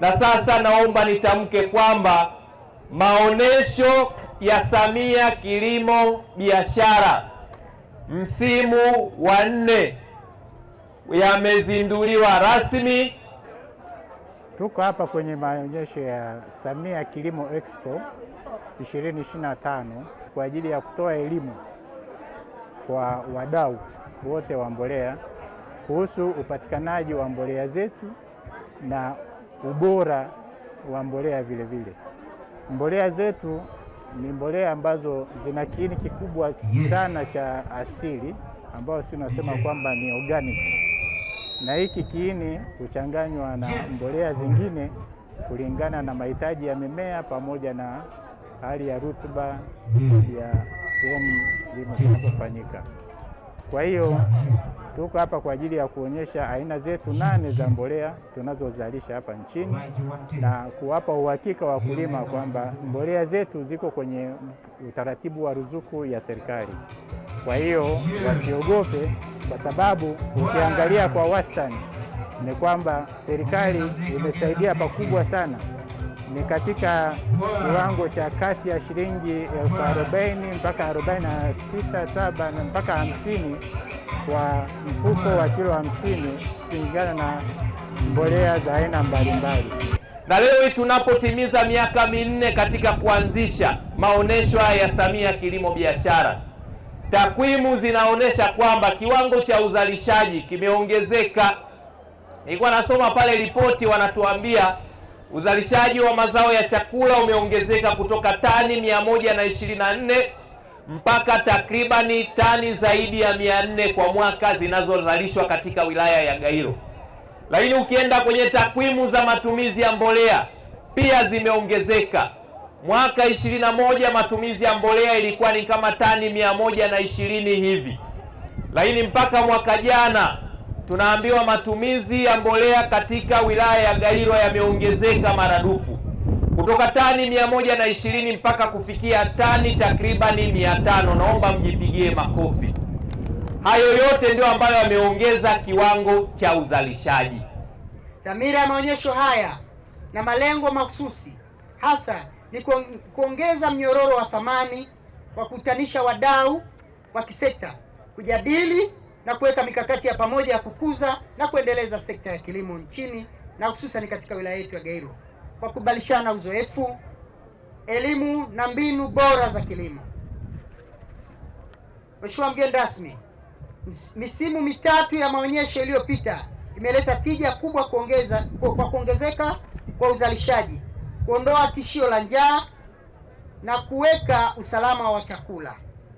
Na sasa naomba nitamke kwamba maonesho ya Samia Kilimo Biashara msimu wa nne yamezinduliwa rasmi. Tuko hapa kwenye maonyesho ya Samia Kilimo Expo 2025 kwa ajili ya kutoa elimu kwa wadau wote wa mbolea kuhusu upatikanaji wa mbolea zetu na ubora wa mbolea vile vile. Mbolea zetu ni mbolea ambazo zina kiini kikubwa sana cha asili ambayo si nasema kwamba ni organic, na hiki kiini huchanganywa na mbolea zingine kulingana na mahitaji ya mimea pamoja na hali ya rutuba ya sehemu kilimo kinapofanyika. Kwa hiyo Tuko hapa kwa ajili ya kuonyesha aina zetu nane za mbolea tunazozalisha hapa nchini na kuwapa uhakika wakulima kwamba mbolea zetu ziko kwenye utaratibu wa ruzuku ya serikali. Kwa hiyo wasiogope, kwa sababu ukiangalia kwa wastani ni kwamba serikali imesaidia pakubwa sana ni katika kiwango cha kati ya shilingi elfu arobaini mpaka arobaini na sita saba mpaka hamsini kwa mfuko wa kilo hamsini kulingana na mbolea za aina mbalimbali. Na leo hii tunapotimiza miaka minne katika kuanzisha maonesho haya ya Samia Kilimo Biashara, takwimu zinaonyesha kwamba kiwango cha uzalishaji kimeongezeka. Nilikuwa nasoma pale ripoti wanatuambia Uzalishaji wa mazao ya chakula umeongezeka kutoka tani 124 mpaka takribani tani zaidi ya 400 kwa mwaka zinazozalishwa katika wilaya ya Gairo. Lakini ukienda kwenye takwimu za matumizi ya mbolea pia zimeongezeka. Mwaka 21 matumizi ya mbolea ilikuwa ni kama tani 120 hivi, lakini mpaka mwaka jana tunaambiwa matumizi ya mbolea katika wilaya ya Gairo yameongezeka maradufu kutoka tani mia moja na ishirini mpaka kufikia tani takribani mia tano. Naomba mjipigie makofi. Hayo yote ndio ambayo yameongeza kiwango cha uzalishaji. Dhamira ya maonyesho haya na malengo mahususi hasa ni kuongeza mnyororo wa thamani, wa kutanisha wadau wa kisekta kujadili na kuweka mikakati ya pamoja ya kukuza na kuendeleza sekta ya kilimo nchini na hususan katika wilaya yetu ya Gairo kwa kubadilishana uzoefu, elimu na mbinu bora za kilimo. Mheshimiwa mgeni rasmi, misimu mitatu ya maonyesho iliyopita imeleta tija kubwa kuongeza, kwa kuongezeka kwa uzalishaji, kuondoa tishio la njaa na kuweka usalama wa chakula.